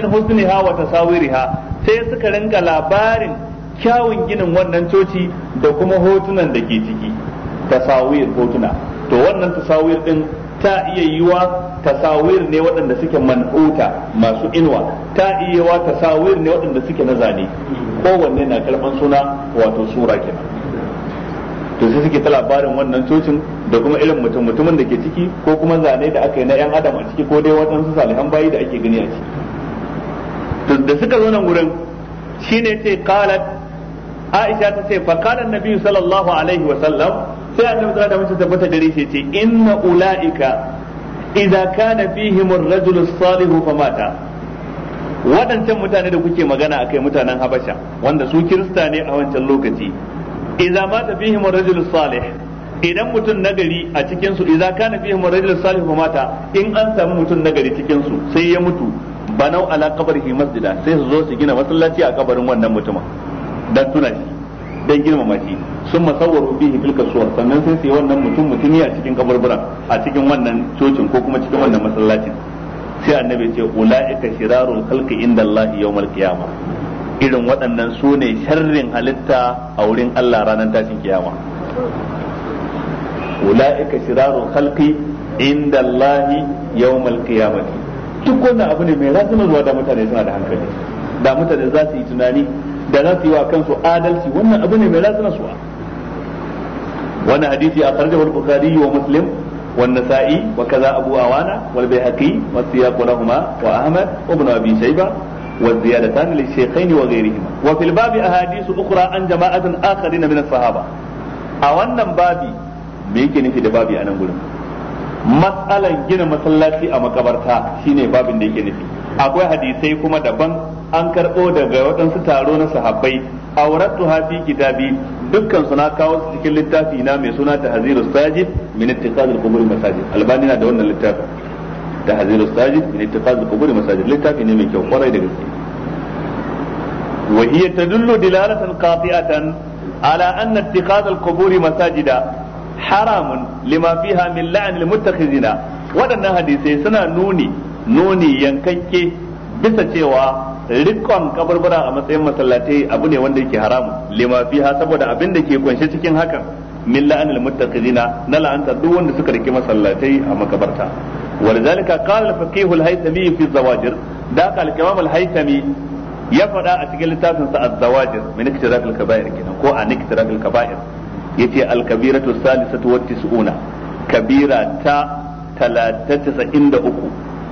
min husniha wa tasawiriha sai suka rinka labarin kyawun ginin wannan coci da kuma hotunan da ke ciki tasawir hotuna to wannan tasawir din ta iya yiwa tasawir ne waɗanda suke man'uta masu inuwa ta iya yiwa tasawir ne waɗanda suke na zane kowanne na kalban suna wato sura kenan to sai suke ta labarin wannan cocin da kuma irin mutum mutumin da ke ciki ko kuma zane da aka yi na yan adam a ciki ko dai waɗansu salihan bayi da ake gani a ciki to da suka zo nan gurin shine ce qalat Aisha ta ce fa qala an-nabi sallallahu alaihi wa sallam sai annabi da mace tabbata gare shi ce inna ulaika idza kana fihim ar-rajul as-salihu famata waɗancan mutane da kuke magana akai mutanen Habasha wanda su kirista ne a wancan lokaci idza mata fihim ar-rajul as-salih idan mutum nagari a cikin su idza kana fihim ar-rajul as-salih famata in an samu mutum nagari cikin su sai ya mutu banau ala qabrihi masjida sai su zo su gina masallaci a kabarin wannan mutumin dan tuna shi dan girmama shi sun masawar bihi fil kasuwar sannan sai su yi wannan mutum mutumi a cikin kaburbura a cikin wannan cocin ko kuma cikin wannan masallacin sai annabi ce ulaika shirarul khalqi inda Allah yawmal qiyama irin waɗannan su ne sharrin halitta a wurin Allah ranar tashin kiyama ulaika shirarul khalqi inda Allah yawmal qiyamati duk wannan abu ne mai zafi na zuwa da mutane suna da hankali da mutane za su yi tunani da za su wa kansu adalci wannan abu ne mai zafi na zuwa wannan hadisi a karjar bukari wa muslim wannan sa'i wa kaza abu awana wal bai haƙi wa siya kula kuma wa ahmad wa buna wa ziyada ta ne lishe kai wa gairi wa filbabi a hadisu ukura an jama'atun akari na minan sahaba a wannan babi me yake nufi da babi a nan gudun matsalan gina masallaci a makabarta shine babin da yake nufi akwai hadisai kuma daban an karɓo daga waɗansu taro na sahabbai auratu hafi kitabi dukkan su na kawo su cikin littafi na mai suna tahzirus sajid min ittiqadil qubur masajid albani na da wannan littafin tahzirus sajid min ittiqadil qubur masajid littafi ne mai kyau kwarai da gaske wa hiya tadullu dilalatan qati'atan ala anna ittiqadil qubur masajida haramun lima min la'anil muttakhizina waɗannan hadisai suna nuni nuni yankanke bisa cewa rikon kabarbara a matsayin masallatai abu ne wanda yake haramu lima saboda abin da ke kunshe cikin hakan min la'anil muttaqina na la'anta duk wanda suka rike masallatai a makabarta walzalika qala al-faqih al-haythami fi zawajir da ka al-imam al-haythami ya faɗa a cikin littafin sa az-zawajir min iktirak al-kaba'ir kenan ko a iktirak al-kaba'ir yace al-kabiratu salisatu wa tis'una kabira ta 393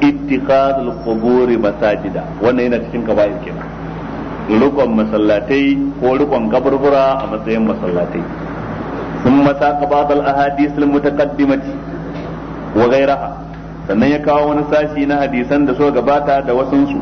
ittikhadul quburi masajida wannan yana cikin kaba'ir kenan rukun masallatai ko rukun kaburbura a matsayin masallatai sun mata kabadal ahadis mutaqaddimati wa ghayraha sannan ya kawo wani sashi na hadisan da suka gabata da wasansu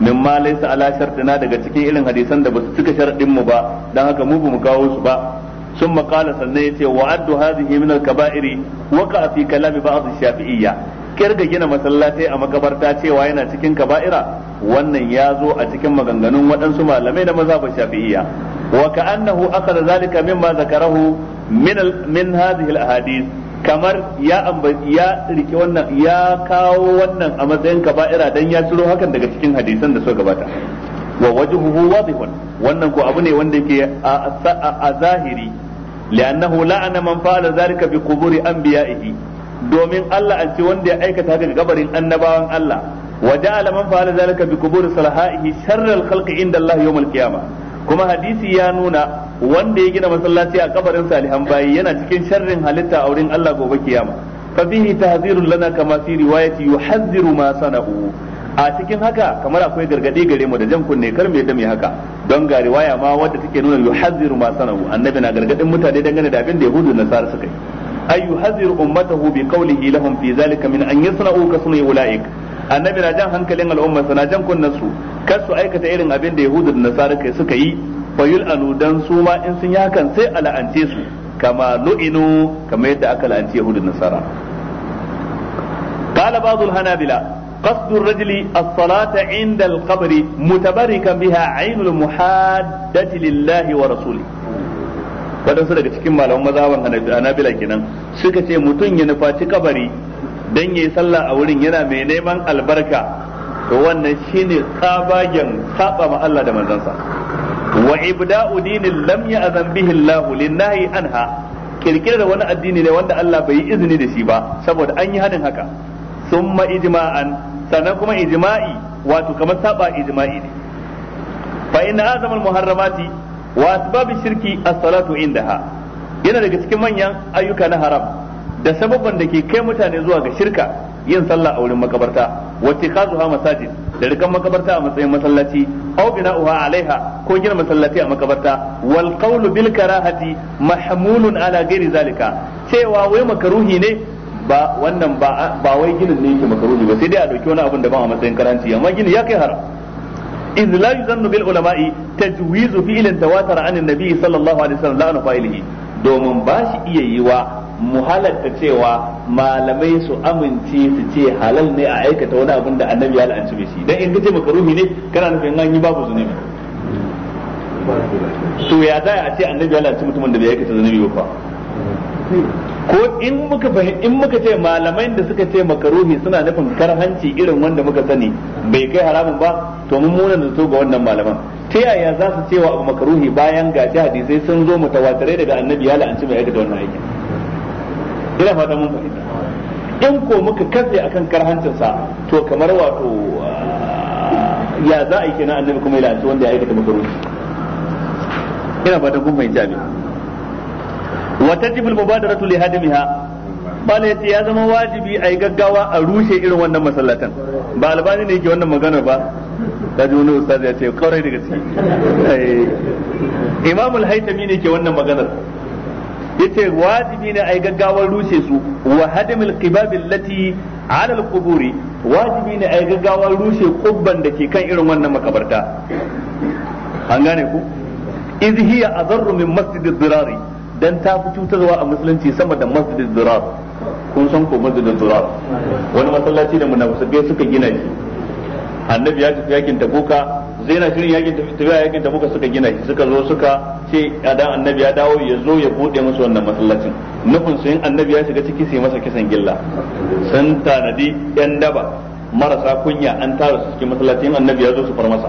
min ma laysa ala shartina daga cikin irin hadisan da ba su cika sharadin mu ba dan haka mu mu kawo su ba ثم قال سنيت وعد هذه من الكبائر وقع في كلام بعض الشافعية kirga gina masallatai a makabarta cewa yana cikin kaba'ira wannan ya zo a cikin maganganun waɗansu malamai da maza ba shafi'iyya wa aka da zalika ma zakarahu min min hadhihi kamar ya wannan ya kawo wannan a matsayin kaba'ira dan ya ciro hakan daga cikin hadisan da suka gabata wa wajhuhu wadihun wannan ko abu ne wanda yake a zahiri li'annahu la'ana man fa'ala zalika bi quburi anbiya'ihi domin Allah an ce wanda ya aikata haka gabarin annabawan Allah wa ja'ala man fa'ala zalika bi quburi salahihi sharral khalqi inda Allah yawmal qiyamah kuma hadisi ya nuna wanda ya gina masallaci a kabarin salihan bayi yana cikin sharrin halitta a wurin Allah gobe kiyama fa bihi tahzirun lana kama fi riwayati yuhadhiru ma sana'u a cikin haka kamar akwai gargadi gare mu da jan kunne kar me da mai haka don ga riwaya ma wadda take nuna yuhaziru ma sanahu annabi na gargadin mutane dangane da abin da yahudu da nasara suka yi ay yuhaziru ummatahu bi qawlihi lahum fi zalika min an yasna'u ka sunu ulaik annabi na jan hankalin al'umma sana jan kunnen su kar su aikata irin abin da yahudu da nasara suka yi fa yul'anu dan su ma in sun yi hakan sai ala'ance su kama lu'inu kamar yadda aka la'anci yahudu da nasara qala ba'dul hanabila قصد الرجل الصلاة عند القبر متبركا بها عين المحادة لله ورسوله su daga cikin malaman mazaban hanabila kenan suka ce mutum ya nufaci kabari don yi sallah a wurin yana mai neman albarka to wannan shine tsabagen saba ma Allah da manzansa wa ibda'u dinin lam azan bihi Allah linnahi anha kirkirar wani addini ne wanda Allah bai yi izini da shi ba saboda an yi hanin haka summa ijma'an sannan kuma ijma'i wato kamar saba ijma'i ne fa inna azamul muharramati wa asbabi shirki as-salatu indaha yana daga cikin manyan ayyuka na haram da sababban da ke kai mutane zuwa ga shirka yin sallah a wurin makabarta wa ha masajid da rikan makabarta a matsayin masallaci aw uha alaiha ko gina masallaci a makabarta wal qawlu bil karahati mahmulun ala ghairi zalika cewa wai makaruhi ne ba wannan ba ba wai ginin ne yake makaruhi ba sai dai a dauki wani abin da ba a matsayin karanci amma gini ya kai haram إذ لا يظن بالعلماء تجويز فعل تواتر عن النبي صلى الله عليه وسلم لا فاعله domin ba shi iya yi wa mu cewa malamai su amince su ce halal ne a aikata wani abin da annabi ya la'anci mai shi dan in kace makaruhi ne kana nufin an yi babu zunubi to ya za a ce annabi ya la'anci mutumin da bai aikata zunubi ba ko in muka in muka ce malamai da suka ce makaruhi suna nufin karhanci irin wanda muka sani bai kai haramun ba to mun muna da ga wannan malaman ta yaya za su cewa abu makaruhi bayan ga hadisai sun zo mutawatirai daga annabi ya la'anci mai aikata wannan aikin ina fata mun fahimta in ko muka katse akan karhancin sa to kamar wato ah, ya za a yi kenan annabi kuma ya la'anci wanda ya aikata makaruhi ina fata kun fahimta ne wa tajib al mubadaratu li hadimiha bala yace ya zama wajibi ai gaggawa a rushe irin wannan masallatan ba albani ne yake wannan magana ba kaji wani ustaz ya ce kaurai da eh. imam al ne ke wannan maganar yace wajibi ne ai gaggawar rushe su wa hadimil qibab allati ala al wajibi ne ai gaggawar rushe kubban da ke kan irin wannan makabarta an gane ku idh hiya min masjid dirari dan ta fi cutarwa a musulunci sama da masjidin durar kun san ko masjidin durar wani masallaci da munafikai suka gina shi annabi ya tafi yakin tabuka na shirin yakin tafiya yakin tabuka suka gina shi suka zo suka ce dan annabi ya dawo ya zo ya bude musu wannan masallacin nufin su yin annabi ya shiga ciki sai masa kisan gilla sun tanadi yan daba marasa kunya an tara su cikin masallacin annabi ya zo su far masa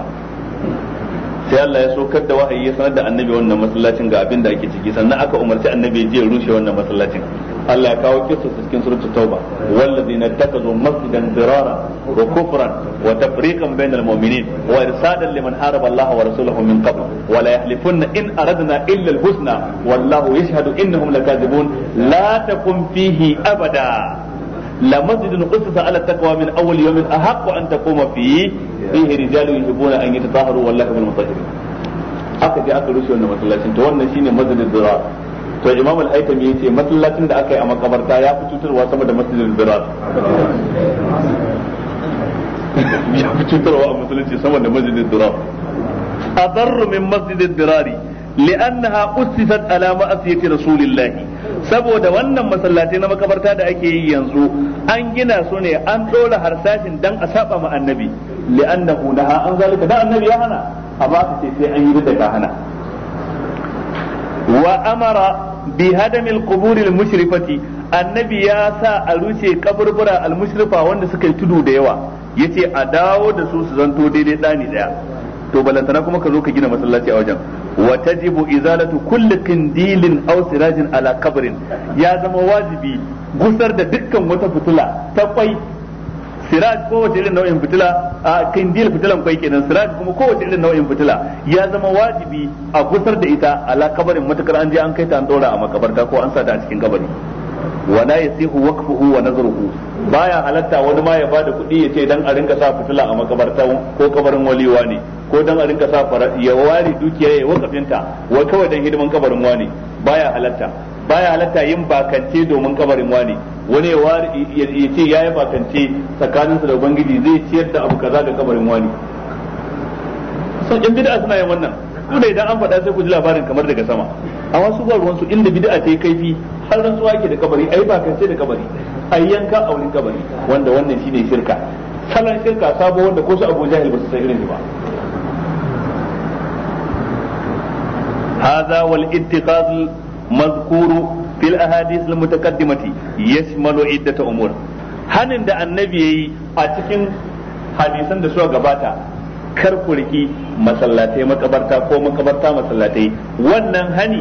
sai Allah ya sokar da wahayi ya sanar da annabi wannan masallacin ga abin da ake ciki sannan aka umarci annabi ya je ya rushe wannan masallacin Allah ya kawo kisa cikin suratul tauba wallazina zo masjidan zirara wa kufran wa tafriqan bainal mu'minin wa irsadan liman haraba Allah wa rasulahu min qabl wa la yahlifunna in aradna illa al-husna wallahu yashhadu innahum lakazibun la takum fihi abada la masjidun qusisa ala taqwa min awwal yawmin ahaqqu an taquma fihi fihi rijalun yuhibbuna an yatatahharu wallahu bil mutahhirin aka je aka rushe wannan masallacin to wannan shine masjidul dirar to imam al-haytami yace masallacin da aka yi a makabarta ya fi cutarwa sama da masjidul dirar ya fi cutarwa a musulunci sama da masjidul dirar adarru min masjidul dirari li'annaha ussisat ala ma'asiyati rasulillahi saboda wannan masallatai na makabarta da ake yi yanzu an gina su ne an dora harsashin dan a saba ma annabi li'annahu naha an zalika da annabi ya hana amma ka ce sai an yi da ka hana wa amara hadamil quburil mushrifati annabi ya sa a rushe kaburbura al mushrifa wanda suka yi tudu da yawa yace a dawo da su su zanto daidai dani daya to balantana kuma ka zo ka gina masallaci a wajen wa tajibu izalatu kulli qindilin aw sirajin ala qabrin ya zama wajibi gusar da dukkan wata fitila ta kwai siraj wata irin nau'in fitila a kindil fitilan kwai kenan siraj kuma ko wata irin nau'in fitila ya zama wajibi a gusar da ita ala kabarin matakar an je an kai ta an dora a makabarta ko an sa ta a cikin kabari wala yasihu waqfuhu wa nazruhu baya halatta wani ma ya bada kuɗi ya ce dan a rinka sa fitila a makabarta ko kabarin waliwa ne ko dan a rinka sa fara ya ware dukiya ya wakafinta wa kawai dan hidiman kabarin wani baya halatta baya halatta yin bakance domin kabarin wani wani ya ware ya ce yayi bakance tsakaninsa da ubangiji zai ciyar da abu kaza ga kabarin wani san in bid'a suna yin wannan ko da idan an faɗa sai ku ji labarin kamar daga sama amma su ba su inda bid'a ta yi kaifi har rantsuwa ke da kabari ai bakance da kabari ai yanka a wurin kabari wanda wannan shine shirka salon shirka sabo wanda ko su Abu Jahil ba su san irin ba hadha wal ittiqad mazkuru fil ahadith al mutaqaddimati yashmalu ta umur hanin da annabi a cikin hadisan da suka gabata kar ku riki masallatai makabarta ko makabarta masallatai wannan hani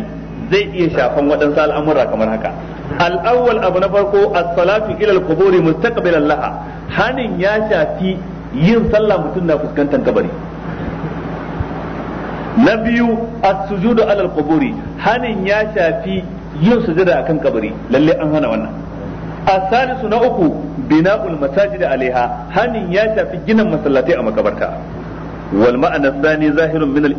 zai iya shafan waɗansu al'amura kamar haka al'awwal abu na farko as-salatu ila al-quburi mustaqbilan laha hanin ya shafi yin sallah mutum na fuskantar kabari na biyu a sujudu alal kuburi hanin ya shafi yin sujada akan kabari lalle an hana wannan A salisu na uku bina'ul masajid alaiha hanin ya shafi ginin masallatai a makabarta wal ma'ana zani zahirun min al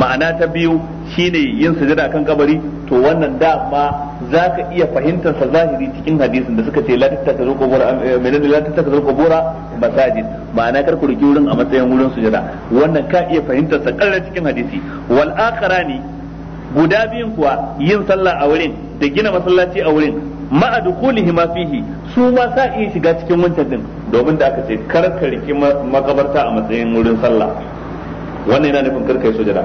ma'ana ta biyu shine yin sujada akan kabari to wannan dama za ka iya fahimtar zahiri cikin hadisin da suka ce la ta zo kubura masajid ma'ana kar ku wurin a matsayin wurin sujada wannan ka iya fahimtar sa karra cikin hadisi wal ne guda biyun kuwa yin sallah a wurin da gina masallaci a wurin ma'a dukulihi ma fihi su ma sa iya shiga cikin wancan din domin da aka ce kar ka riki makabarta a matsayin wurin sallah wannan yana nufin karka yi sujada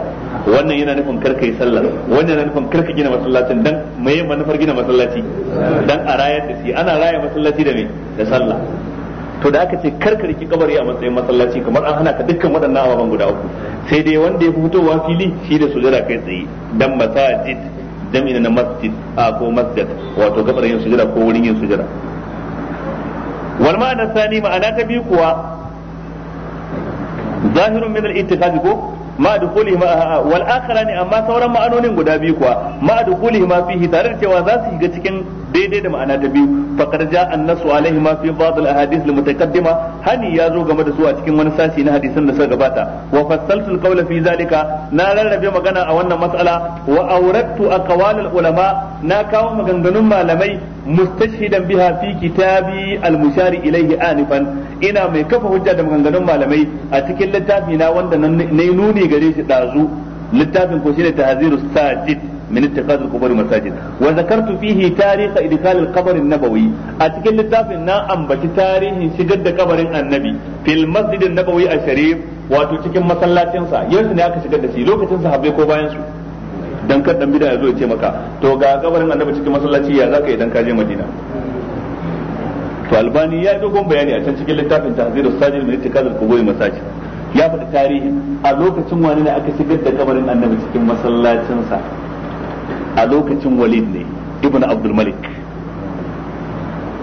wannan yana nufin karka yi sallah wannan yana nufin karka gina masallacin dan meye manufar gina masallaci dan a rayar da shi ana raya masallaci da me da sallah to da aka ce karka riki kabari a matsayin masallaci kamar an hana ka dukkan waɗannan ababen guda uku sai dai wanda ya fitowa fili shi da sujada kai tsaye dan masajid jam'i na masjid a ko masjid wato gabarin yin sujada ko wurin yin sujada wal ma'ana sani ma'ana ta biyu kuwa zahiru min al-ittikhaz ko ma dukulihi ma wal akharani amma sauran ma'anonin guda biyu kuwa ma dukulihi ma fihi tare da cewa za su shiga cikin daidai da ma'ana ta biyu faqad ja'a an-nasu alaihi ma fi ba'd al-ahadith al-mutaqaddima hani ya zo game da su a cikin wani sashi na hadisan da suka gabata wa fassaltu al fi zalika na rarrabe magana a wannan matsala. wa awrattu aqwal al-ulama na kawo maganganun malamai mustashhidan biha fi kitabi al-mushari ilayhi anifan ina mai kafa hujja da maganganun malamai a cikin littafi na wanda na nuni gare shi dazu littafin ko shine tahziru sajid min ittikhadul qubur masajid wa zakartu fihi tarikh idkhal al qabr an nabawi a cikin littafin na ambaci tarihin shigar da kabarin annabi fil masjid an nabawi a sharif wato cikin masallacin sa yanzu aka shigar da shi lokacin sahabbai ko bayan dan kar dan bid'a zo ya ce to ga kabarin annabi cikin masallaci ya zaka idan ka madina to albani ya dogon bayani a can cikin littafin tahzirus sajid min ittikal al-qubur masajid ya faɗi tarihi a lokacin wani ne aka shigar da kabarin annabi cikin masallacinsa a lokacin walid ne ibn abdul malik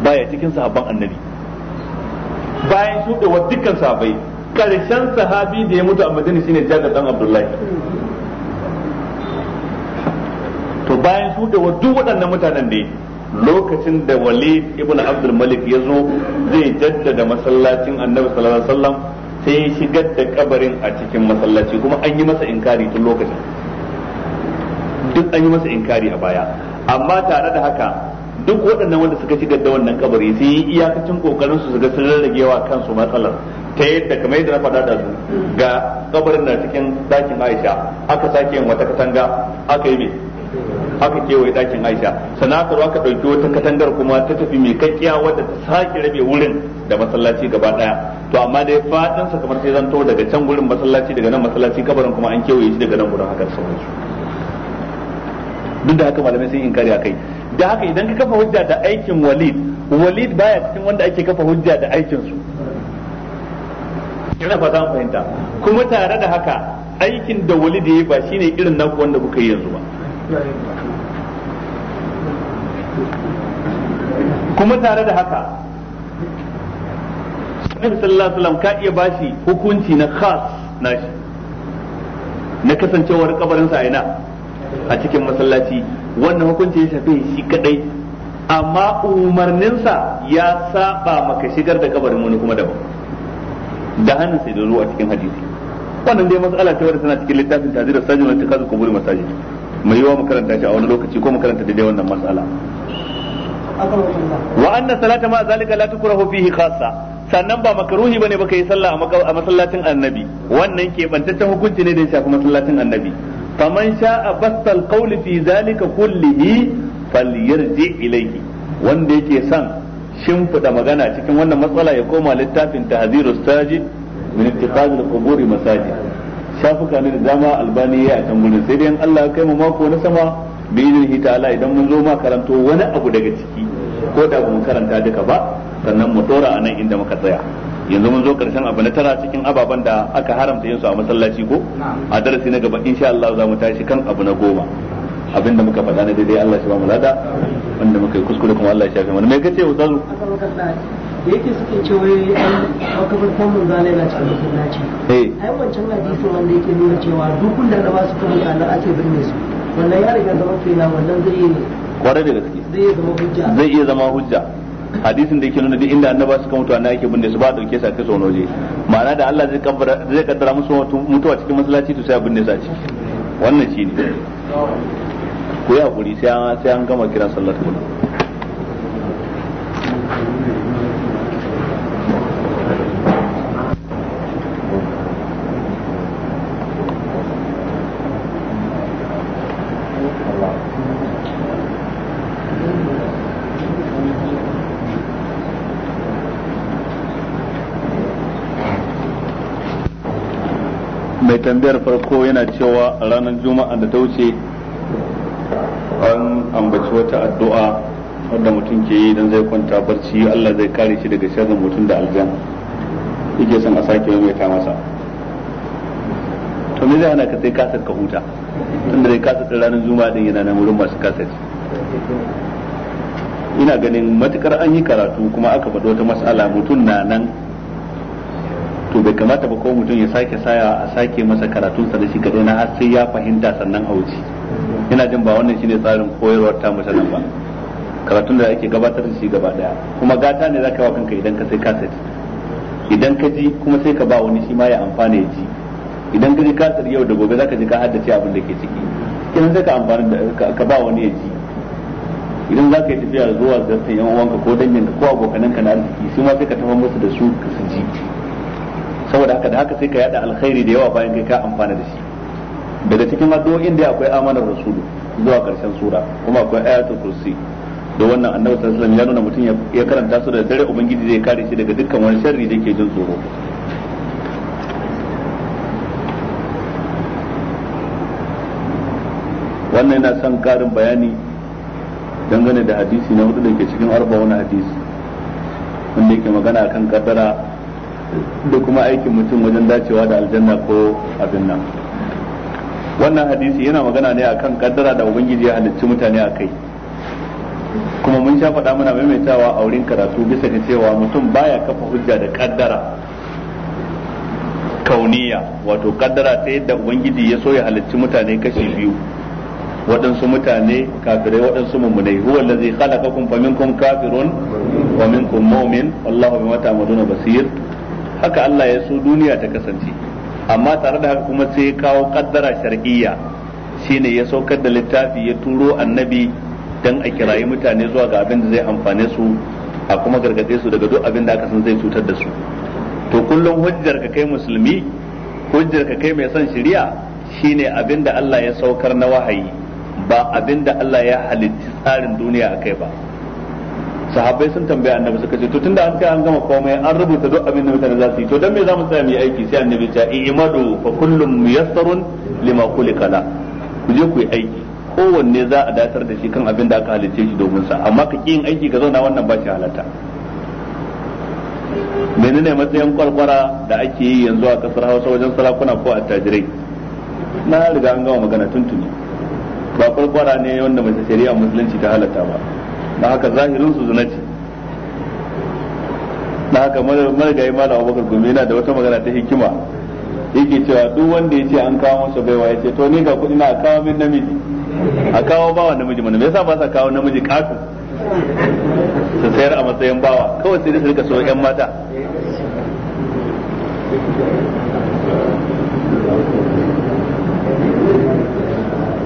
baya cikin sahabban annabi bayan shuɗewar dukkan sahabbai karshen sahabi da ya mutu a madina shine jabir dan abdullahi to bayan shuɗewar duk waɗannan mutanen ne lokacin da walid ibn abdul malik ya zo zai jaddada masallacin annabi sallallahu alaihi wasallam sai ya shigar da kabarin a cikin masallaci kuma an yi masa inkari tun lokacin duk an yi masa inkari a baya amma tare da haka duk waɗannan wanda suka ci da wannan kabari sai yi iyakacin kokarin su ga sun rarrage wa kansu matsalar ta yadda kamar yadda na faɗa da su ga kabarin na cikin ɗakin Aisha aka sake yin wata katanga aka yi me aka kewaye ɗakin Aisha sannan aka ɗauki wata katangar kuma ta tafi mai kakkiya wadda ta sake rabe wurin da masallaci gaba ɗaya to amma dai faɗin sa kamar sai zanto daga can wurin masallaci daga nan masallaci kabarin kuma an kewaye shi daga nan wurin haka sauransu duk da haka malamai sun inkari akai da haka idan ka kafa hujja da aikin walid walid baya cikin wanda ake kafa hujja da aikin su ina fata fahimta kuma tare da haka aikin da walid yayi ba shine irin naku wanda kuka yi yanzu ba kuma tare da haka Nabi sallallahu alaihi wasallam ka iya bashi hukunci na khas nashi na kasancewar kabarinsa a ina a cikin masallaci wannan hukunci ya shafe shi kadai amma umarninsa ya saba maka shigar da kabarin wani kuma daban da hannun sai da ruwa cikin hadisi wannan dai matsala ta wadda tana cikin littafin tazi da sajin wata kazu kuburi masaji mai yiwa makaranta shi a wani lokaci ko makaranta da dai wannan matsala wa anna salata ma zalika la tukrahu fihi khassa sannan ba makaruhi bane baka yi sallah a masallacin annabi wannan ke bantaccen hukunci ne da ya shafi masallacin annabi faman sha'a basal qawli fi zalika kullihi falyarji ilayhi wanda yake son shimfiɗa magana cikin wannan matsala ya koma littafin tahziru saji min ittikhaz al-quburi masajid shafuka ne da dama albani ya can gurin sai dai Allah ya kai mu mako na sama bi hitala ta'ala idan mun zo ma karanto wani abu daga ciki ko da ba mu karanta duka ba sannan mu a anan inda muka tsaya yanzu mun zo karshen abu na tara cikin ababen da aka haramta yin su a masallaci ko a darasi na gaba insha Allah za mu tashi kan abu na goma abinda muka faɗa na daidai Allah shi ba mu lada wanda muka yi kuskure kuma Allah ya shafe mana me kace ustazu yake suke cewa makabartan mun zane na cikin masallaci eh. ai wancan hadisin wanda yake nuna cewa duk wanda da ba su kuma kana ake binne su wannan ya riga zama fina wannan zai yi kwarai da gaske zai iya zama hujja zai iya zama hujja hadisin da yake nuna duk inda annaba suka mutu annabi yake binne su ba dauke sa kai tsono waje ma'ana da Allah zai kabbara zai kaddara musu mutuwa cikin masallaci to sai a binne su a ciki wannan shine ku yi hakuri sai an gama kiran sallar kullum tambayar farko yana cewa a ranar juma'a da ta wuce an ambaci wata addu'a wadda mutum ke yi idan zai kwanta barci Allah zai kare shi daga sharrin mutum da aljan yake son a sake ta masa to me zai hana ka sai kasar ka huta tunda zai kasar ranar juma'a din yana nan wurin masu kasar ina ganin matukar an yi karatu kuma aka faɗo wata mas'ala mutum na nan to bai kamata ba ko mutum ya sake saya a sake masa karatun sa da shi kadai na har sai ya fahimta sannan a wuce ina jin ba wannan shine tsarin koyarwar ta sanan ba karatun da ake gabatar da shi gaba daya kuma gata ne zaka wa kanka idan ka sai kaset idan ka ji kuma sai ka ba wani shi ma ya amfana ya ji idan ka ji kaset yau da gobe zaka ji ka haddace abin da ke ciki idan sai ka amfana ka ba wani ya ji idan za ka yi tafiya zuwa zartan yan uwanka ko danginka ko abokananka na arziki su ma sai ka tafi musu da su su ji saboda haka da haka sai ka yada alkhairi da yawa bayan kai ka amfana da shi daga cikin addu'o'in da akwai amanar rasulu zuwa karshen sura kuma akwai ayatul kursi da wannan annabi sallallahu alaihi wasallam ya nuna mutum ya karanta su da dare ubangiji zai kare shi daga dukkan wani sharri da yake jin tsoro wannan yana son karin bayani dangane da hadisi na hudu da ke cikin arba wani hadisi wanda yake magana akan kadara da kuma aikin mutum wajen dacewa da aljanna ko abin nan wannan hadisi yana magana ne akan kaddara da ubangiji ya halicci mutane a kai kuma mun sha faɗa muna maimaitawa a wurin karatu bisa ga cewa mutum baya kafa hujja da kaddara kauniya wato kaddara ta yadda ubangiji ya so ya halicci mutane kashi biyu waɗansu mutane kafirai waɗansu mummunai huwa allazi khalaqakum faminkum kafirun wa minkum mu'min wallahu bima ta'maluna basir haka Allah ya so duniya ta kasance amma tare da haka kuma sai ya kawo kaddara shar'iyya shine ya saukar da littafi ya turo annabi dan a kirayi mutane zuwa ga abin da zai amfane su a kuma gargaɗe su daga duk abin da aka san zai cutar da su to kullum hujjar ka kai musulmi hujjar ka kai mai son shari'a shine abin da Allah ya saukar na wahayi ba abin da Allah ya halitta tsarin duniya a kai ba sahabbai sun tambaya annabi suka ce to tunda an kai an gama komai an rubuta duk abin da mutane za su yi to dan me za mu tsaya mu yi aiki sai annabi ya ce i'madu fa kullum muyassarun lima khuliqa la ku je ku yi aiki kowanne za a datar da shi kan abin da aka halice shi domin sa amma ka yin aiki ka zauna wannan ba shi halatta menene matsayin kwalkwara da ake yi yanzu a kasar Hausa wajen sarakuna ko attajirai na riga an gama magana tuntuni ba kwalkwara ne wanda mace shari'a musulunci ta halatta ba da haka zahirin su zina ce da haka marigayi malam abubakar gumi yana da wata magana ta hikima yake cewa duk wanda ya ce an kawo masa baiwa ya ce to ni ga kuɗi na a kawo min namiji a kawo bawa namiji mana me yasa ba sa kawo namiji kafin su sayar a matsayin bawa kawai sai da su rika so yan mata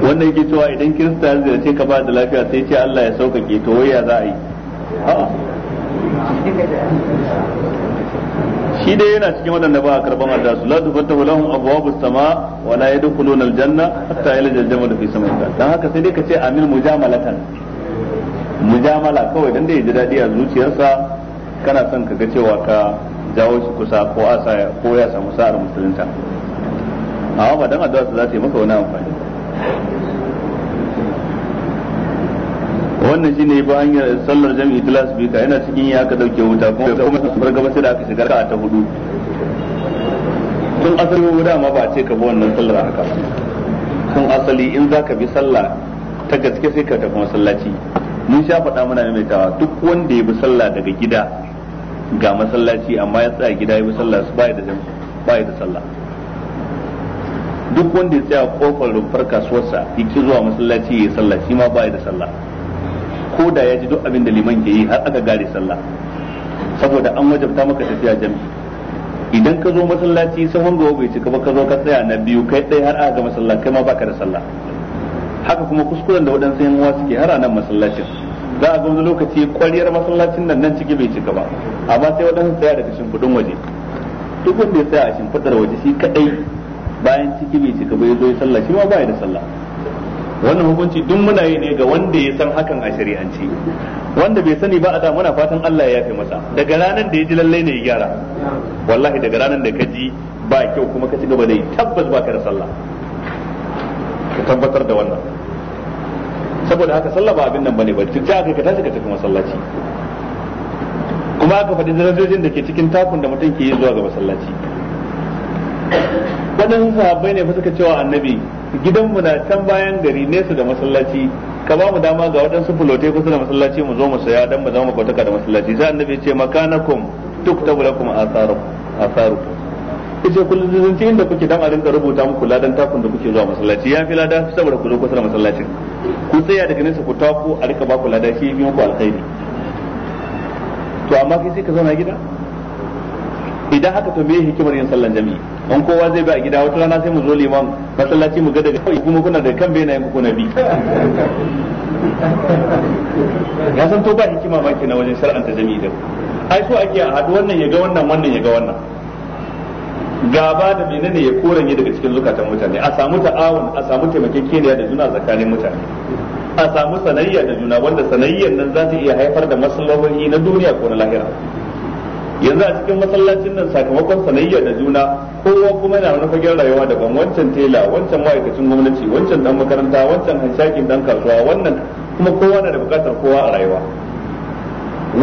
wannan yake cewa idan kirista ya ziyarce ka ba da lafiya sai ce Allah ya sauƙaƙe to waya za a yi shi dai yana cikin waɗanda ba a karɓar adda su la hun abuwa bu sama wa la yadkhuluna aljanna hatta yalja da fi samayka dan haka sai dai ka ce amin mujamalatan mujamala kawai don da ya ji daɗi a zuciyarsa kana son ka ga cewa ka jawo shi kusa ko a ko ya samu sa'ar musulunta amma ba dan addu'a za ta yi maka wani amfani wannan shine ba hanyar sallar jami'i tilas bika yana cikin ya ka dauke wuta kuma kuma bar gaba sai da aka shiga ka ta hudu tun asali wuda dama ba ce ka bi wannan sallar haka tun asali in za ka bi sallah ta gaske sai ka tafi masallaci mun sha faɗa muna mai tawa duk wanda ya bi sallah daga gida ga masallaci amma ya tsaya gida ya bi sallah ba ya da sallah duk wanda ya tsaya kofar rumfar kasuwarsa ya ki zuwa masallaci ya yi sallah shi ma baya da sallah ko da ya ji duk abin da liman ke yi har aka gare sallah saboda an wajabta maka tafiya jam'i. idan ka zo masallaci sahun gaba bai cika ba ka zo ka tsaya na biyu kai ɗaya har aka ga masallah kai ma baka da sallah haka kuma kuskuren da waɗansu yan uwa suke har a nan masallacin za a ga wani lokaci kwariyar masallacin nan nan ciki bai cika ba amma sai waɗansu tsaya daga shimfiɗin waje duk wanda ya tsaya a shimfiɗar waje shi kaɗai bayan ciki bai cika bai zo ya sallah shi ma baya da sallah wannan hukunci duk muna yi ne ga wanda ya san hakan a shari'anci wanda bai sani ba a da muna fatan Allah ya yafe masa daga ranar da ya ji lalle ne ya gyara wallahi daga ranar da ka ji ba kyau kuma ka ci gaba da tabbas ka da sallah ka tabbatar da wannan saboda haka sallah ba abin nan bane ba duk aka ka tashi ka tafi masallaci kuma aka faɗi darajojin da ke cikin takun da mutum ke yi zuwa ga masallaci waɗansu sahabbai ne fa suka cewa annabi gidanmu na can bayan gari nesa da masallaci ka ba mu dama ga waɗansu fulote kusa da masallaci mu zo mu saya dan mu zama makwataka da masallaci sai annabi ce makanakum tuktabu lakum asaru asaru kace kullun zunci inda kuke dan a rinka rubuta muku ladan takun da kuke zuwa masallaci ya fi lada saboda ku zo kusa da masallacin ku tsaya daga nesa ku taku a rika ba ku lada shi biyu ku alkhairi to amma kai sai ka zauna gida idan haka to me hikimar yin sallan jami'i an kowa zai ba a gida wata rana sai mu zo liman masallaci mu ga daga kawai kuma kuna da kan benaye muku na bi ya san to ba hikima ba ke na wajen shar'anta jami'i din ai so ake a haɗu wannan ya ga wannan wannan ya ga wannan gaba da menene ya koranye daga cikin zukatan mutane a samu ta'awun a samu taimakekeniya da juna tsakanin mutane a samu sanayya da juna wanda sanayyar nan za ta iya haifar da maslahohi na duniya ko na lahira yanzu a cikin masallacin nan sakamakon sanayya da juna kowa kuma yana wani fagen rayuwa daban wancan tela wancan ma'aikacin gwamnati wancan dan makaranta wancan hanshakin dan kasuwa wannan kuma kowa na da bukatar kowa a rayuwa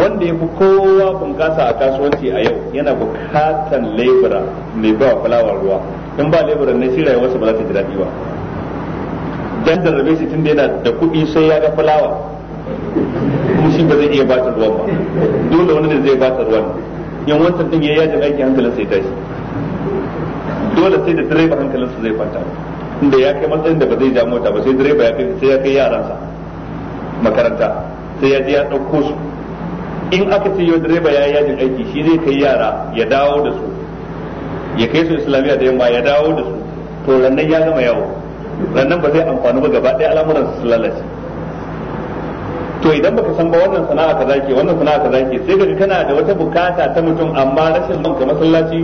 wanda ya fi kowa bunkasa a kasuwanci a yau yana bukatan lebura mai ba fulawar ruwa in ba lebura ne shi rayuwarsa ba za ta ji daɗi ba dan da rabe shi tun da yana da kuɗi sai ya ga fulawa kuma shi ba zai iya bata ruwan ba dole wani ne zai bata ruwan in wancan din ya yajin aiki hankalin sai tashi dole sai da direba hankalinsa su zai kwanta inda ya kai matsayin da ba zai ja mota ba sai direba ya kai sai ya kai yaransa makaranta sai ya je ya dauko su in aka ce yau direba ya yi yajin aiki shi zai kai yara ya dawo da su ya kai su islamiyya da yamma ya dawo da su to rannan ya gama yawo rannan ba zai amfani ba gaba ɗaya al'amuran su lalace to idan baka san ba wannan sana'a kaza ke wannan sana'a kaza ke sai kaga kana da wata bukata ta mutum amma rashin man ka masallaci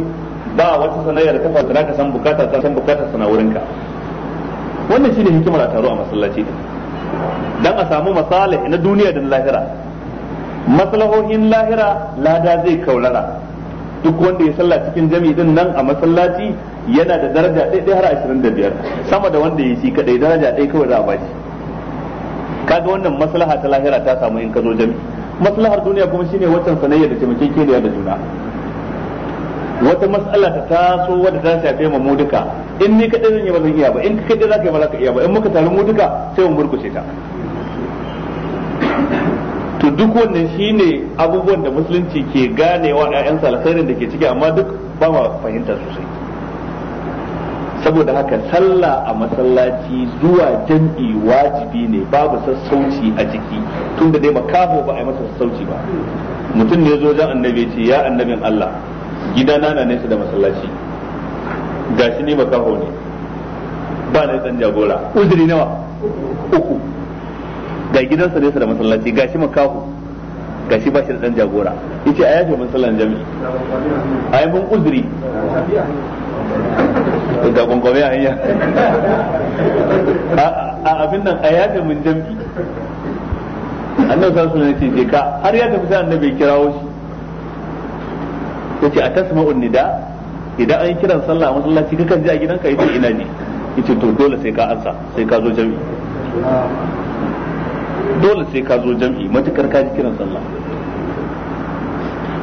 ba wata sana'ar da ta fara ka san bukata ta san bukata sana'a wurin ka wannan shine hikimar a taro a masallaci dan a samu masalih na duniya da lahira maslahohin lahira lada zai kaulara duk wanda ya sallah cikin jami'i din nan a masallaci yana da daraja ɗaya har ashirin da biyar sama da wanda ya shi kaɗai daraja ɗaya kawai za a bashi kaga wannan maslaha ta lahira ta samu in ka zo jami maslahar duniya kuma shine wata sanayya da ke da juna wata mas'ala ta taso wadda ta shafe mu mu duka in ni kadai zan yi ba zan iya ba in ka kadai zaka yi ba zaka iya ba in muka taru mu duka sai mu murkushe ta to duk wannan shine abubuwan da musulunci ke ganewa ƴaƴan alkhairin da ke ciki amma duk ba ma fahimta sosai saboda haka sallah a masallaci zuwa jam'i wajibi ne babu sassauci a ciki tun da dai makaho ba a yi masa sassauci ba mutum ne zo jan annabi ce ya annabin Allah gidana na nesa da masallaci gashi ne makaho ne ba na san jagora uzuri nawa uku ga gidansa nesa da masallaci gashi makaho gashi ba shi da dan jagora yace a yafe mun jami'i ayi mun uzuri da gungume a hanya a abin nan a yaga min jam'i annabi sallallahu alaihi ne ce ka har ya tafi sai annabi kirawo shi yace a tasma'un nida idan an yi kiran sallah a masallaci kakan ji a gidanka yace ina ne yace to dole sai ka ansa sai ka zo jam'i dole sai ka zo jam'i matukar ka ji kiran sallah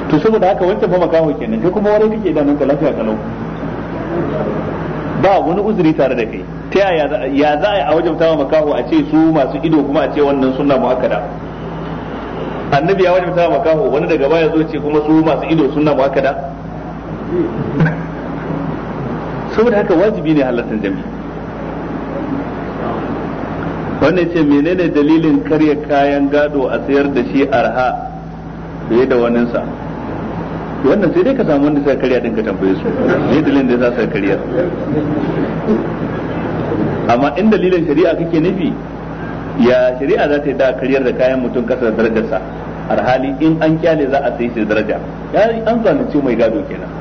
to saboda haka wancan fa makaho kenan kai kuma wani kake da nan ka lafiya kalau ba wani uzuri tare da kai ta ya za a wajen wa makaho a ce su masu ido kuma a ce wannan suna muakkada annabi ya wajen wa makaho wani daga baya zo ce kuma su masu ido sunna muakkada saboda haka wajibi ne halartar Jami. wannan ce menene dalilin karya kayan gado a sayar da shi arha fiye da sa? to wannan sai dai ka samu wanda suka karya din ka tambaye su ne dalilin da suka karya amma in dalilin shari'a kake nufi ya shari'a za ta yi da karyar da kayan mutum kasa da darajarsa arhali in an kyale za a sai shi daraja ya an zalunci mai gado kenan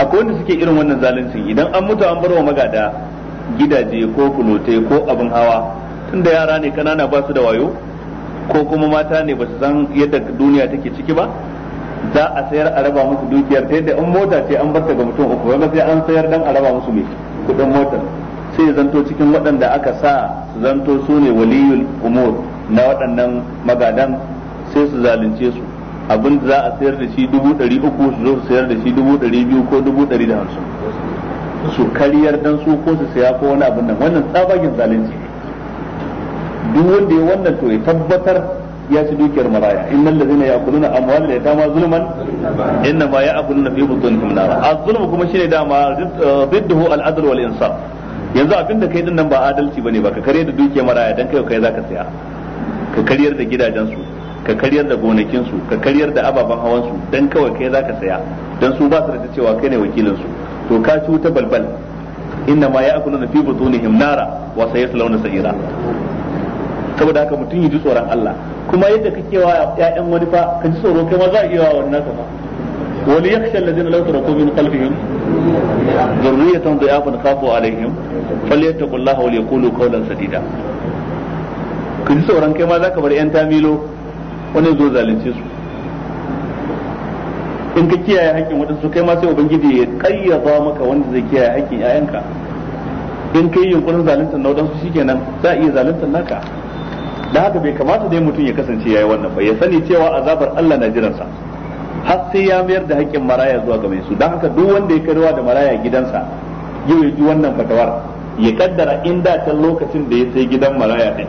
akwai wanda suke irin wannan zalunci idan an mutu an barwa magada gidaje ko kulote ko abin hawa tunda yara ne kanana ba su da wayo ko kuma mata ne ba su san yadda duniya take ciki ba za a sayar a raba musu dukiyar ta yadda in mota ce an barta ga mutum uku wanda sai an sayar dan a raba musu mai kudin motar sai zanto cikin waɗanda aka sa su zanto su ne waliyul umur na waɗannan magadan sai su zalunce su abin da za a sayar da shi dubu ɗari uku su zo su sayar da shi dubu ɗari biyu ko dubu ɗari da hamsin su kariyar dan su ko su saya ko wani abin nan wannan tsabagen zalunci duk wanda ya wannan to ya tabbatar ya ci dukiyar maraya innal ladzina ya'kuluna amwal yatama zulman inna ma ya'kuluna fi butunihim nar az-zulm kuma shine dama zidduhu eh, al-adl wal insaf yanzu abinda kai din nan ba adalci bane ba ka kare da dukiyar maraya dan kai kai zaka tsaya ka kariyar da gidajen su ka kariyar da gonakin su ka kariyar da ababan hawan su dan kawai kai zaka tsaya dan su ba su da cewa kai ne wakilin su to ka ci wuta balbal inna ma ya'kuluna fi butunihim nara wa sayaslawna sa'ira saboda haka mutun yi tsoron Allah kuma yadda kake wa ƴaƴan wani fa ka ji tsoro kai ma za a iya wa wannan kuma wali yakhsha alladhina law taraku min qalbihim dhurriyatan dha'afan khafu alaihim falyattaqullaha wa yaqulu qawlan sadida ka ji tsoron kai ma za ka bar ƴan tamilo wani zo zalunce su in ka kiyaye hakkin waɗansu kai ma sai ubangiji ya kayyaba maka wanda zai kiyaye hakkin ƴaƴanka in kai yunkurin zaluntar na waɗansu shikenan za a iya zaluntar naka da haka bai kamata dai mutum ya kasance yayi wannan ba ya sani cewa azabar Allah na jiransa har sai ya mayar da haƙƙin maraya zuwa ga mai su dan haka duk wanda ya karwa da maraya gidansa yau ya ji wannan fatawar ya kaddara inda ta lokacin da ya sai gidan maraya din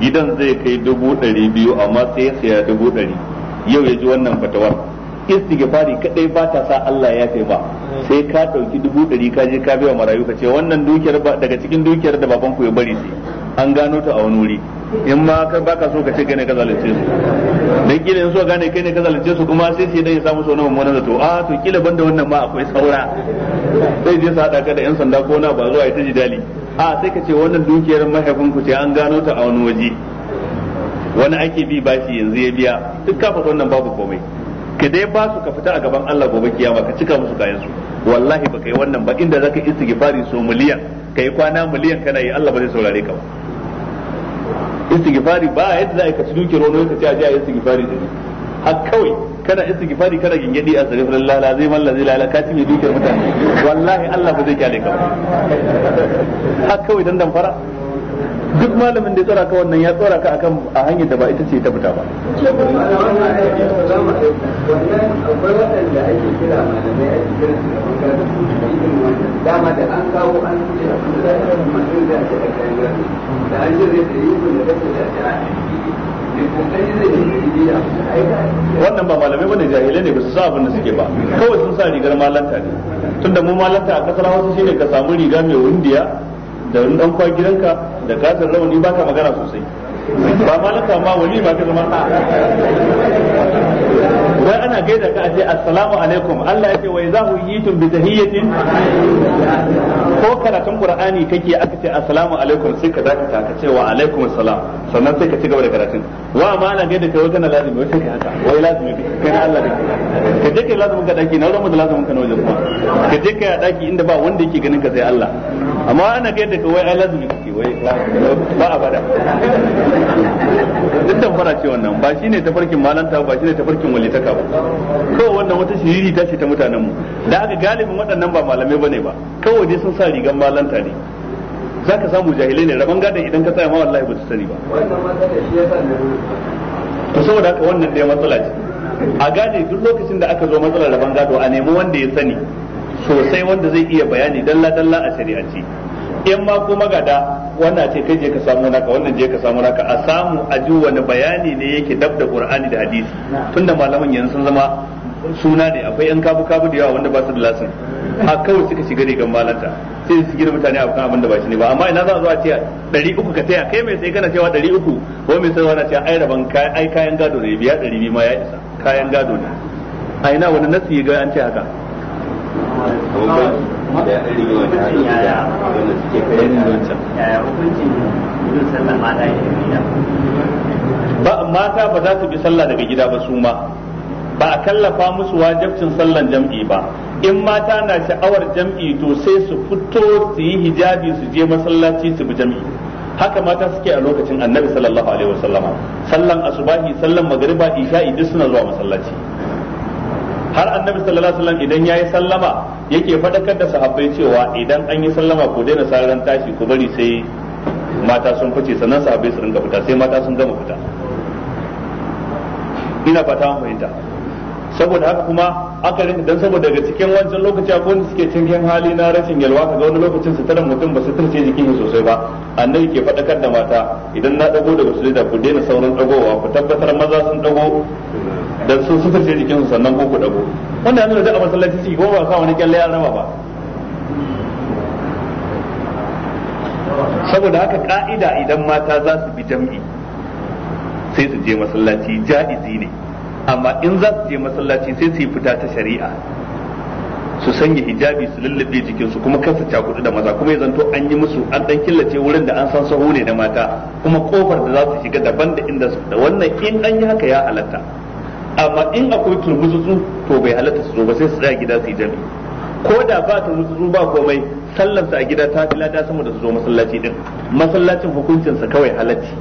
gidan zai kai dubu ɗari biyu amma sai ya saya dubu ɗari yau ya ji wannan fatawar istighfari kadai ba ta sa Allah ya kai ba sai ka ɗauki dubu ɗari ka je ka biya marayu ka ce wannan dukiyar daga cikin dukiyar da babanku ya bari sai an gano ta a wani wuri in ma ka baka so ka ce kai ne ka zalunce su dan kila in so gane kai ne ka zalunce su kuma sai sai dan ya samu so na mummunan zato a ah, to kila banda wannan ma akwai saura sai je sa ka da yan sanda ko na ba zuwa ya taji dali a ah, sai ka ce wannan dukiyar mahaifin ku ce an gano ta a wani waje wani ake bi bashi yanzu ya biya duk ka fata wannan babu komai ka dai ba su ka fita a gaban Allah gobe kiyama ka cika musu kayan su wallahi baka yi wannan ba inda zaka istighfari so miliyan kai kwana miliyan kana yi Allah ba zai saurare ka ba istighfari ba yadda za a kashi duke rono ka ce a je a istighfari da ni har kawai kana istighfari kana gingedi a sarrafa lalla zai malla zai lalla kacin ya mai dukiyar mutane wallahi Allah ba zai kyale ka har kawai dan fara duk malamin da ya tsora ka wannan ya tsara ka akan a hanyar da ba ita ce ta fita ba da yi da wannan ba malamai bane jahilai ne ba su sa abin da suke ba kawai sun sa rigar malanta ne tunda mu malanta a kasar hausa shine ka samu riga mai wundiya da wani dan kwa gidanka da kasar launi ba ka magana sosai ba malaka ma wani ba ka zama Wai ana gaida ka aje assalamu alaikum Allah ya ce wai za ku yi tun bi tahiyyatin ko karatun qur'ani kake aka ce assalamu alaikum sai ka dakata ka ce wa alaikum assalam sannan sai ka ci gaba da karatun wa ma ana gaida kai wajen lazimi wai sai ka haka wai lazimi kai na Allah dake ka je kai lazimin ka daki na ruwan da lazimin ka na wajen kuma ka je kai a daki inda ba wanda yake ganin ka sai Allah amma ana kai da kawai ai lazumi kake wai ba a bada duk damfara ce wannan ba shine tafarkin malanta ba shine tafarkin walitaka ba ko wannan wata shiriri ta ce ta mutanen mu da aka galibin waɗannan ba malamai bane ba kawai dai sun sa rigan malanta ne zaka samu jahilai ne rabon gadan idan ka tsaya ma wallahi ba su sani ba to saboda haka wannan dai matsala ce a gane duk lokacin da aka zo matsalar rabon gado a nemi wanda ya sani sosai wanda zai iya bayani dalla dalla a shari'ance in ma ko magada wannan ce kai je ka samu naka wannan je ka samu naka a samu a ji wani bayani ne yake dab da qur'ani da hadisi tunda malaman yanzu sun zama suna ne akwai yan kabu kabu da yawa wanda ba su da lasin a kawai suka shiga rigan malanta sai su gina mutane a kan abin da ba shi ne ba amma ina za a zo a ce ɗari uku ka taya kai mai sai kana cewa ɗari uku ko mai sai wani ce ai raban ai kayan gado ne biya ɗari biyu ma ya isa kayan gado ne a ina wani nasi ga an ce haka da mata ba mata ba za su bi sallah daga gida ba su ma ba a kallafa musu wajibcin sallan jam'i ba in mata na sha'awar jam'i to sai su fito su yi hijabi su je masallaci su bi jam'i haka mata suke a lokacin annabi sallallahu alaihi wasallama sallan asubahi sallan Magariba isha'i duk suna zuwa masallaci har annabi sallallahu alaihi wasallam idan yayi sallama yake fadakar da sahabbai cewa idan an yi sallama ku daina sararin tashi ku bari sai mata sun fice sannan sahabbai su ringa fita sai mata sun gama fita ina fata mu fahimta saboda haka kuma aka rinka dan saboda daga cikin wancan lokaci akwai wanda suke cikin hali na rashin yalwa kaga wani lokacin su taran mutum ba su tarce jikin shi sosai ba annabi ke fadakar da mata idan na dago daga da ku daina saurin dagowa ku tabbatar maza sun dago da su suka ce jikin su sannan ko ku dago wanda yanzu da a masallaci ciki ko ba sa wani kyalle ya raba ba saboda haka ka'ida idan mata za su bi jam'i sai su je masallaci ja'izi ne amma in za su je masallaci sai su yi fita ta shari'a su sanya hijabi su lullube jikinsu kuma kansa su cakudu da maza kuma ya zanto an yi musu an dan killace wurin da an san saho ne na mata kuma kofar da za su shiga daban da inda su da wannan in an yi haka ya halatta amma in akwai turmutsutsu to bai halatta su zo ba sai su tsaya gida su yi jami ko da ba turmutsutsu ba komai sallarsa a gida ta fi lada sama da su zo masallaci din masallacin hukuncin sa kawai halacci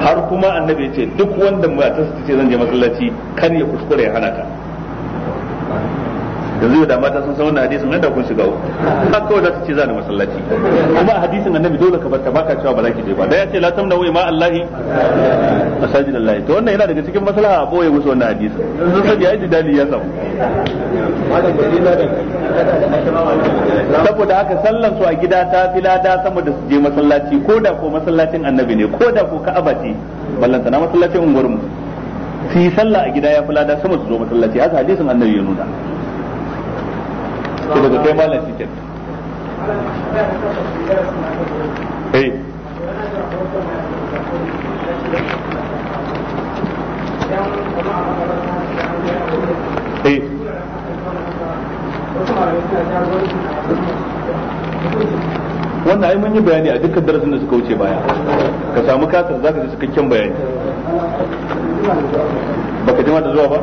har kuma annabi ya ce duk wanda matarsa ta ce zan je masallaci kan ya kuskure ya hana ka. yanzu da mata sun san wannan hadisin nan da kun shiga uku har kawai za su ce za ni masallaci kuma hadisin annabi dole ka barta baka cewa ba za ki je ba da ya ce la tamna wa ma allahi masajid allah to wannan yana daga cikin maslaha a boye musu wannan hadisin sun san ya ji dali ya samu saboda haka sallan su a gida ta fila da sama da su je masallaci ko da ko masallacin annabi ne ko da ko ka'aba ce ballanta na masallacin unguwarmu su yi sallah a gida ya fi lada sama su zo masallaci a hadisin annabi ya nuna to daga kai malam shi kenan eh eh wannan ai mun yi bayani a dukkan darasin da suka wuce baya ka samu katar zaka ji cikakken bayani baka jima da zuwa ba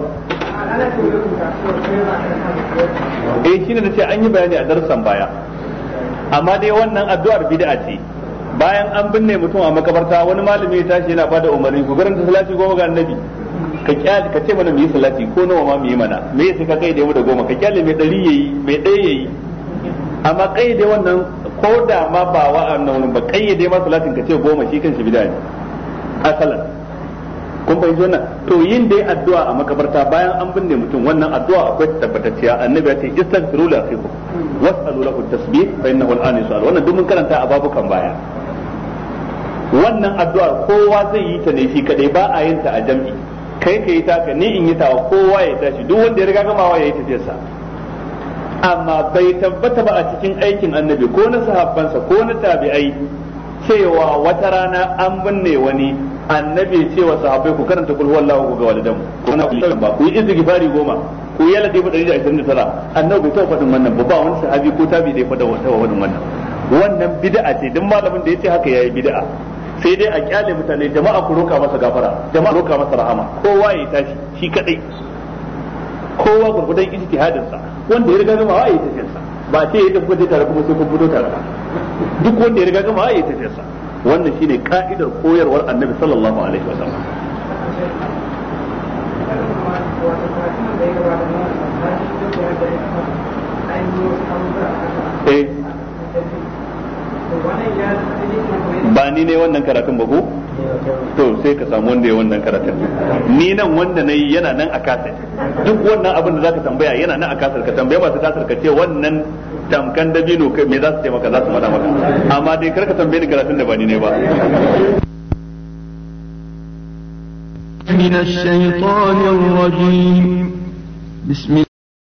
eh shine ce an yi bayani a darsan baya amma dai wannan addu'ar bid'a ce bayan an binne mutum a makabarta wani malami ya tashi yana bada umarni ku garanta salati goma ga annabi ka kyale ka ce mana mu yi salati ko nawa ma mu yi mana me yasa ka kai da mu da goma ka kyale mai dari yayi mai dai yayi amma kai da wannan ko da ma ba wa'annan ba kai dai ma salatin ka ce goma shi kanshi bid'a ne asalan kun fahimci wannan to yin da dai addu'a a makabarta bayan an binne mutum wannan addu'a akwai tabbatacciya annabi ya ce istaghfiru li akhikum was'alu lahu tasbih fa innahu al'ana yus'al wannan duk mun karanta a babukan baya wannan addu'a kowa zai yi ta ne shi kadai ba a yin ta a jam'i kai ka yi taka ni in yi ta kowa ya tashi duk wanda ya riga gama gamawa ya yi sa. amma bai tabbata ba a cikin aikin annabi ko na sahabbansa ko na tabi'ai cewa wata rana an binne wani annabi cewa sahabbai ku karanta kul huwallahu ku ga walidanmu ku na ku ba ku yi izgifari goma ku yi ladifu 129 annabi bai tawfa din wannan ba ba wani sahabi ko tabi da ya faɗa wata faɗin wannan wannan bid'a ce duk malamin da yace haka yayi bid'a sai dai a kyale mutane jama'a ku roka masa gafara jama'a roka masa rahama kowa ya tashi shi kadai kowa gurgudan ijtihadin sa wanda ya riga gama wa ya tafi sa ba ce ya tafi tare kuma sai ku fito tare duk wanda ya riga gama ya tafi sa wannan shine ka'idar koyarwar annabi sallallahu alaihi wasallam eh ba ni ne wannan karatun ba ko to sai ka samu wanda ya wannan karatun ni nan wanda nayi yana nan a kasar duk wannan abin da ka tambaya yana nan a kasar ka tambaya masu kasar ka ce wannan tamkan dabino kai me za su ce maka za su faɗa maka amma dai karka tambaye ni karatun da ba ni ne ba من الشيطان الرجيم بسم الله